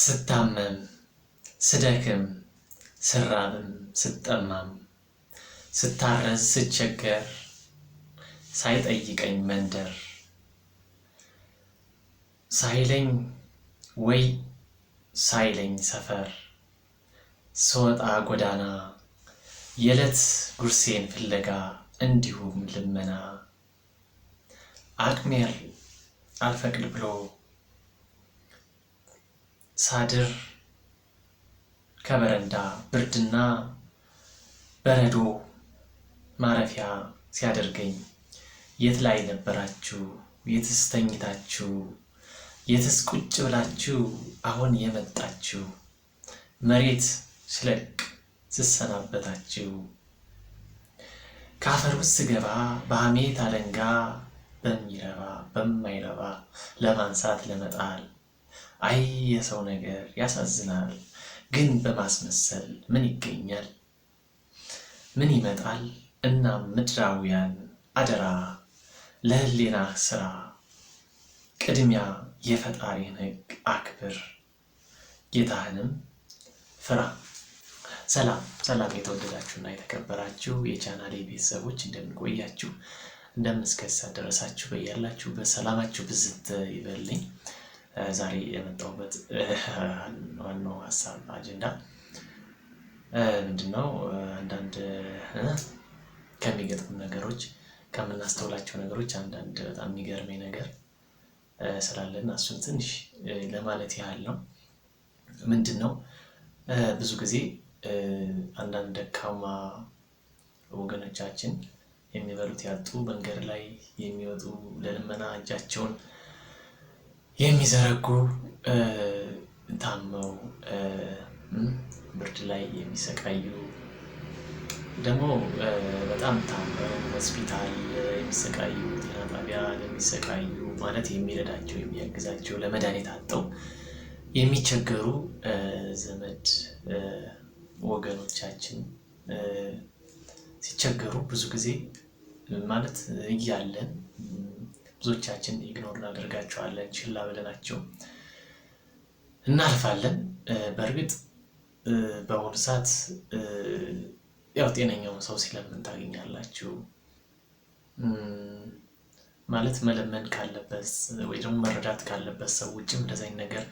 ስታመም ስደክም ስራብም ስጠማም ስታረዝ ስቸገር ሳይጠይቀኝ መንደር ሳይለኝ ወይ ሳይለኝ ሰፈር ስወጣ ጎዳና የዕለት ጉርሴን ፍለጋ እንዲሁም ልመና አቅሜር አልፈቅድ ብሎ ሳድር ከበረንዳ ብርድና በረዶ ማረፊያ ሲያደርገኝ የት ላይ ነበራችሁ? የትስ ተኝታችሁ? የትስ ቁጭ ብላችሁ አሁን የመጣችሁ? መሬት ስለቅ ስሰናበታችሁ ከአፈር ውስጥ ስገባ በሐሜት አለንጋ በሚረባ በማይረባ ለማንሳት ለመጣል አይ የሰው ነገር ያሳዝናል። ግን በማስመሰል ምን ይገኛል? ምን ይመጣል? እና ምድራውያን አደራ ለህሊና ስራ፣ ቅድሚያ የፈጣሪን ህግ አክብር፣ ጌታህንም ፍራ። ሰላም ሰላም! የተወደዳችሁና የተከበራችሁ የቻናሌ ቤተሰቦች እንደምንቆያችሁ እንደምንስከሳ ደረሳችሁ በያላችሁ በሰላማችሁ ብዝት ይበልኝ። ዛሬ የመጣሁበት ዋናው ሀሳብ አጀንዳ ምንድነው? አንዳንድ ከሚገጥሙ ነገሮች ከምናስተውላቸው ነገሮች አንዳንድ በጣም የሚገርመኝ ነገር ስላለን እሱን ትንሽ ለማለት ያህል ነው። ምንድን ነው ብዙ ጊዜ አንዳንድ ደካማ ወገኖቻችን የሚበሉት ያጡ፣ መንገድ ላይ የሚወጡ ለልመና እጃቸውን የሚዘረጉ ታመው ብርድ ላይ የሚሰቃዩ ደግሞ በጣም ታመው ሆስፒታል የሚሰቃዩ ጤና ጣቢያ ለሚሰቃዩ ማለት የሚረዳቸው የሚያግዛቸው ለመድኃኒት አጠው የሚቸገሩ ዘመድ ወገኖቻችን ሲቸገሩ ብዙ ጊዜ ማለት እያለን ብዙዎቻችን ኢግኖር እናደርጋቸዋለን፣ ችላ ብለናቸው እናልፋለን። በእርግጥ በአሁኑ ሰዓት ያው ጤነኛውን ሰው ሲለምን ታገኛላችሁ። ማለት መለመን ካለበት ወይ ደግሞ መረዳት ካለበት ሰው ውጭም እንደዚህ አይነት ነገር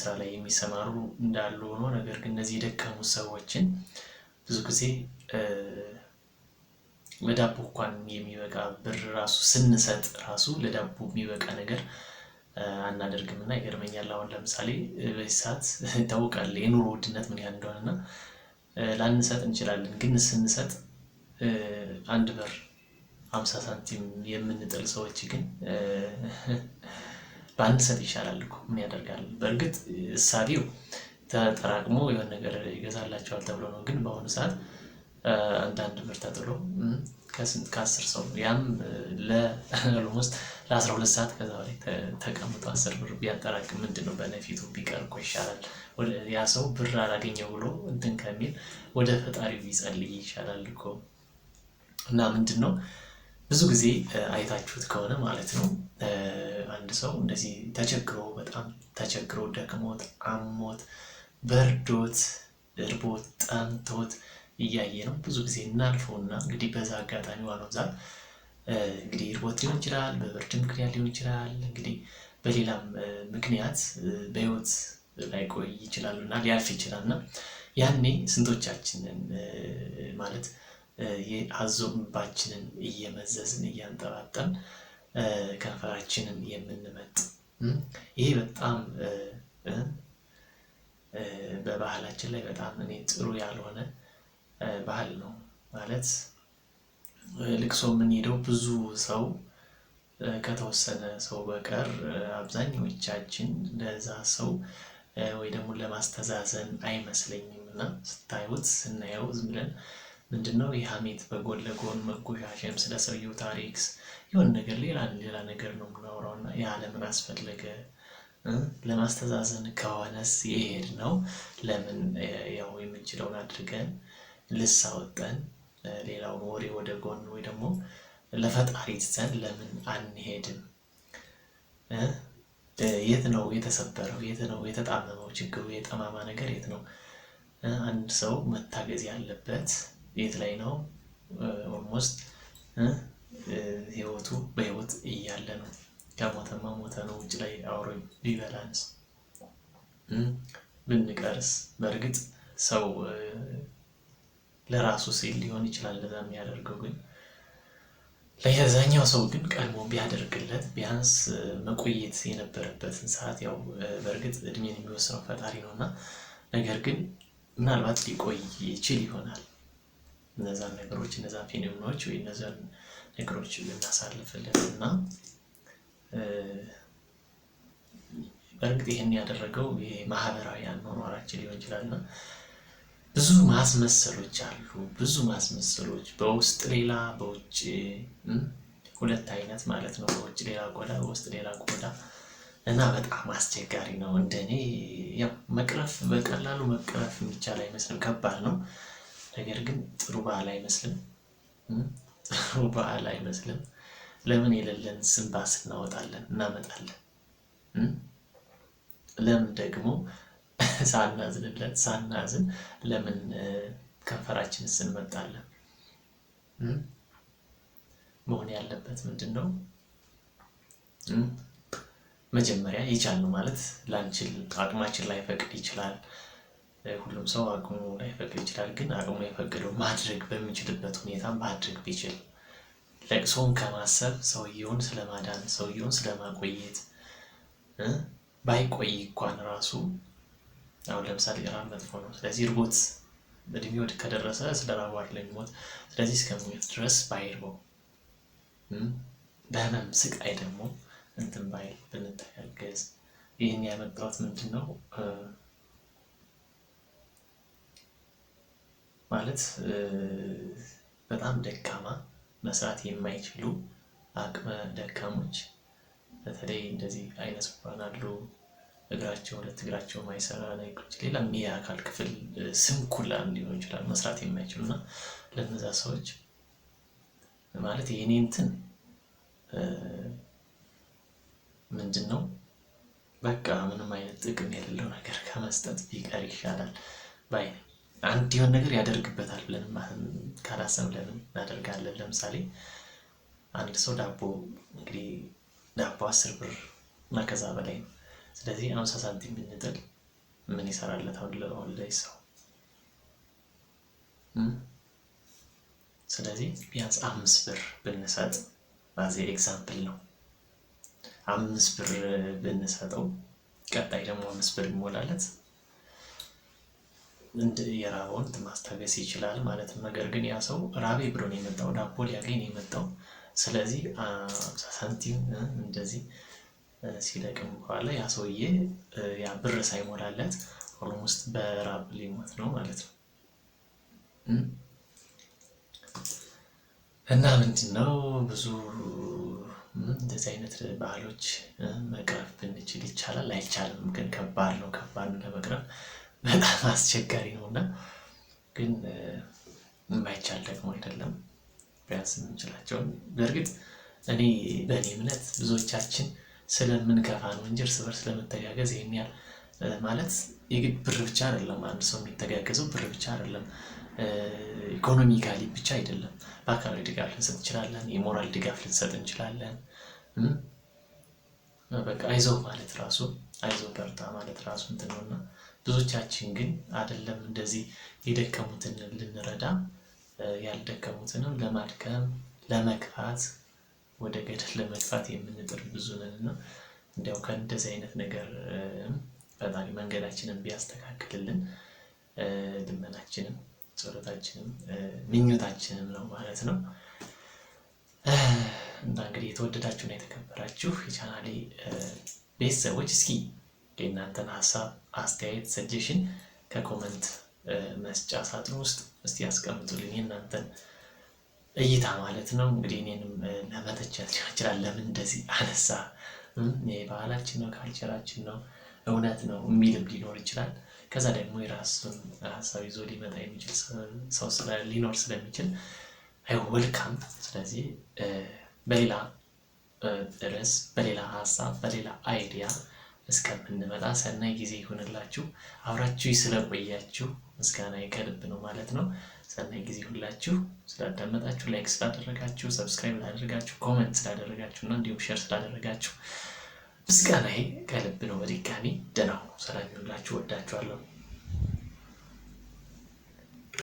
ስራ ላይ የሚሰማሩ እንዳሉ ሆኖ ነገር ግን እነዚህ የደከሙ ሰዎችን ብዙ ጊዜ ለዳቦ እንኳን የሚበቃ ብር ራሱ ስንሰጥ ራሱ ለዳቦ የሚበቃ ነገር አናደርግም እና ይገርመኛል። አሁን ለምሳሌ በዚህ ሰዓት ይታወቃል የኑሮ ውድነት ምን ያህል እንደሆነና ላንሰጥ እንችላለን፣ ግን ስንሰጥ አንድ ብር አምሳ ሳንቲም የምንጥል ሰዎች ግን በአንሰጥ ይሻላል እኮ ምን ያደርጋል። በእርግጥ እሳቢው ተጠራቅሞ የሆነ ነገር ይገዛላቸዋል ተብሎ ነው። ግን በአሁኑ ሰዓት አንዳንድ ብር ተጥሎ ከስንት ከአስር ሰው ያም ለኦልሞስት ለአስራ ሁለት ሰዓት ከዛ በላይ ተቀምጦ አስር ብር ቢያጠራቅ ምንድን ነው በነፊቱ ቢቀር እኮ ይሻላል። ያ ሰው ብር አላገኘው ብሎ እንትን ከሚል ወደ ፈጣሪው ቢጸልይ ይሻላል እኮ እና ምንድን ነው ብዙ ጊዜ አይታችሁት ከሆነ ማለት ነው አንድ ሰው እንደዚህ ተቸግሮ በጣም ተቸግሮ ደክሞት አሞት በርዶት እርቦት ጠምቶት እያየ ነው ብዙ ጊዜ እናልፈውና እንግዲህ በዛ አጋጣሚ ዋናው ዛፍ እንግዲህ ርቦት ሊሆን ይችላል፣ በብርድ ምክንያት ሊሆን ይችላል፣ እንግዲህ በሌላም ምክንያት በህይወት ላይቆይ ይችላል እና ሊያልፍ ይችላል እና ያኔ ስንቶቻችንን ማለት አዞምባችንን እየመዘዝን እያንጠባጠን ከንፈራችንን የምንመጥ ይሄ በጣም በባህላችን ላይ በጣም እኔ ጥሩ ያልሆነ ባህል ነው ማለት ልቅሶ የምንሄደው ብዙ ሰው ከተወሰነ ሰው በቀር አብዛኞቻችን ለዛ ሰው ወይ ደግሞ ለማስተዛዘን አይመስለኝም። እና ስታዩት ስናየው ዝም ብለን ምንድን ነው የሀሜት በጎን ለጎን መጎሻሸም፣ ስለ ሰውየው ታሪክ የሆን ነገር ሌላ ሌላ ነገር ነው የምናወራው እና ያ ለምን አስፈለገ? ለማስተዛዘን ከሆነስ የሄድ ነው ለምን ያው የምንችለውን አድርገን ልሳወጠን ሌላውን ወሬ ወደ ጎን ወይ ደግሞ ለፈጣሪ ትተን ለምን አንሄድም? የት ነው የተሰበረው? የት ነው የተጣመመው? ችግሩ የጠማማ ነገር የት ነው? አንድ ሰው መታገዝ ያለበት የት ላይ ነው? ኦልሞስት ህይወቱ በህይወት እያለ ነው። ከሞተማ ሞተ ነው። ውጭ ላይ አውሮ ቢበላንስ ብንቀርስ በእርግጥ ሰው ለራሱ ሲል ሊሆን ይችላል ለዛ የሚያደርገው ግን ለየዛኛው ሰው ግን ቀድሞ ቢያደርግለት ቢያንስ መቆየት የነበረበትን ሰዓት ያው በእርግጥ እድሜን የሚወስነው ፈጣሪ ነው እና ነገር ግን ምናልባት ሊቆይ ይችል ይሆናል። እነዛን ነገሮች እነዛን ፌኖሚናዎች ወይ እነዛን ነገሮች ልናሳልፍለት እና በእርግጥ ይህን ያደረገው ማህበራዊ አኗኗራችን ሊሆን ይችላልና ብዙ ማስመሰሎች አሉ። ብዙ ማስመሰሎች በውስጥ ሌላ፣ በውጭ ሁለት አይነት ማለት ነው። በውጭ ሌላ ቆዳ፣ በውስጥ ሌላ ቆዳ እና በጣም አስቸጋሪ ነው። እንደኔ ያው መቅረፍ በቀላሉ መቅረፍ የሚቻል አይመስልም፣ ከባድ ነው። ነገር ግን ጥሩ በዓል አይመስልም፣ ጥሩ በዓል አይመስልም። ለምን የሌለን ስንባስ እናወጣለን እናመጣለን። ለምን ደግሞ ሳናዝንለት ሳናዝን ለምን ከንፈራችን ስንመጣለን? መሆን ያለበት ምንድን ነው? መጀመሪያ የቻልነው ማለት ላንችል አቅማችን ላይፈቅድ ይችላል። ሁሉም ሰው አቅሙ ላይፈቅድ ይችላል። ግን አቅሙ የፈቀደው ማድረግ በሚችልበት ሁኔታ ማድረግ ቢችል ለቅሶውን ከማሰብ ሰውየውን ስለማዳን ሰውየውን ስለማቆየት ባይቆይ እንኳን ራሱ አሁን ለምሳሌ ራብ መጥፎ ነው። ስለዚህ እርቦት እድሜው ከደረሰ ስለ ላይ ለሚሞት ስለዚህ እስከሚሞት ድረስ ባይርበው በህመም ስቃይ ደግሞ እንትን ባይል ብንታያገዝ። ይህን ያመጣሁት ምንድን ነው ማለት በጣም ደካማ መስራት የማይችሉ አቅመ ደካሞች በተለይ እንደዚህ አይነት ስባን አሉ እግራቸው ሁለት እግራቸው ማይሰራ ላይኮች ሌላ የአካል ክፍል ስም ኩላ ሊሆን ይችላል መስራት የማይችሉ እና ለነዛ ሰዎች ማለት የኔ እንትን ምንድን ነው በቃ ምንም አይነት ጥቅም የሌለው ነገር ከመስጠት ቢቀር ይሻላል ባይ አንድ የሆን ነገር ያደርግበታል ብለን ካላሰብ ለምን እናደርጋለን። ለምሳሌ አንድ ሰው ዳቦ እንግዲህ ዳቦ አስር ብር እና ከዛ በላይ ነው ስለዚህ አምሳ ሳንቲም ብንጥል ምን ይሰራለታል ላይ ሰው? ስለዚህ ቢያንስ አምስት ብር ብንሰጥ ባዚ ኤግዛምፕል ነው። አምስት ብር ብንሰጠው ቀጣይ ደግሞ አምስት ብር ይሞላለት የራበውን ማስታገስ ይችላል ማለት ነው። ነገር ግን ያ ሰው ራቤ ብሎን የመጣው ዳቦ ሊያገኝ የመጣው ስለዚህ ሳንቲም እንደዚህ ሲለቅም በኋላ ያ ሰውዬ ያ ብር ሳይሞላለት ሁሉም ውስጥ በራብ ሊሞት ነው ማለት ነው። እና ምንድን ነው ብዙ እንደዚህ አይነት ባህሎች መቅረፍ ብንችል ይቻላል። አይቻልም ግን ከባድ ነው። ከባድ ነው ለመቅረፍ በጣም አስቸጋሪ ነው እና ግን የማይቻል ደግሞ አይደለም። ቢያንስ የምንችላቸውን በእርግጥ እኔ በእኔ እምነት ብዙዎቻችን ስለምንከፋ ነው እንጂ እርስ በርስ ለመተጋገዝ ይሄን ያህል ማለት የግድ ብር ብቻ አይደለም። አንድ ሰው የሚተጋገዘው ብር ብቻ አይደለም፣ ኢኮኖሚካሊ ብቻ አይደለም። በአካላዊ ድጋፍ ልንሰጥ እንችላለን። የሞራል ድጋፍ ልንሰጥ እንችላለን። በቃ አይዞ ማለት ራሱ አይዞ በርታ ማለት ራሱ እንትን ነውና፣ ብዙዎቻችን ግን አይደለም እንደዚህ የደከሙትን ልንረዳ ያልደከሙትንም ለማድከም ለመግፋት ወደ ገደል ለመጥፋት የምንጥር ብዙ ነን እና እንዲያው ከእንደዚህ አይነት ነገር ፈጣሪ መንገዳችንን ቢያስተካክልልን ልመናችንም ጸሎታችንም ምኞታችንም ነው ማለት ነው። እና እንግዲህ የተወደዳችሁና የተከበራችሁ የቻናሌ ቤተሰቦች እስኪ የእናንተን ሀሳብ፣ አስተያየት፣ ሰጀሽን ከኮመንት መስጫ ሳጥን ውስጥ እስቲ ያስቀምጡልን የእናንተን እይታ ማለት ነው። እንግዲህ እኔንም ለመተቸት ሊሆን ይችላል። ለምን እንደዚህ አነሳ፣ ይሄ ባህላችን ነው፣ ካልቸራችን ነው፣ እውነት ነው የሚልም ሊኖር ይችላል። ከዛ ደግሞ የራሱን ሀሳብ ይዞ ሊመጣ የሚችል ሰው ሊኖር ስለሚችል አይ ወልካም። ስለዚህ በሌላ ርዕስ፣ በሌላ ሀሳብ፣ በሌላ አይዲያ እስከምንበላ ሰናይ ጊዜ ይሆንላችሁ። አብራችሁ ስለቆያችሁ ምስጋና ከልብ ነው ማለት ነው። ሰናይ ጊዜ ሁላችሁ። ስላዳመጣችሁ፣ ላይክ ስላደረጋችሁ፣ ሰብስክራይብ ስላደረጋችሁ፣ ኮመንት ስላደረጋችሁ እና እንዲሁም ሼር ስላደረጋችሁ ምስጋና ከልብ ነው። በድጋሚ ደህና ሁኑ። ሰላም ይሁንላችሁ። ወዳችኋለሁ።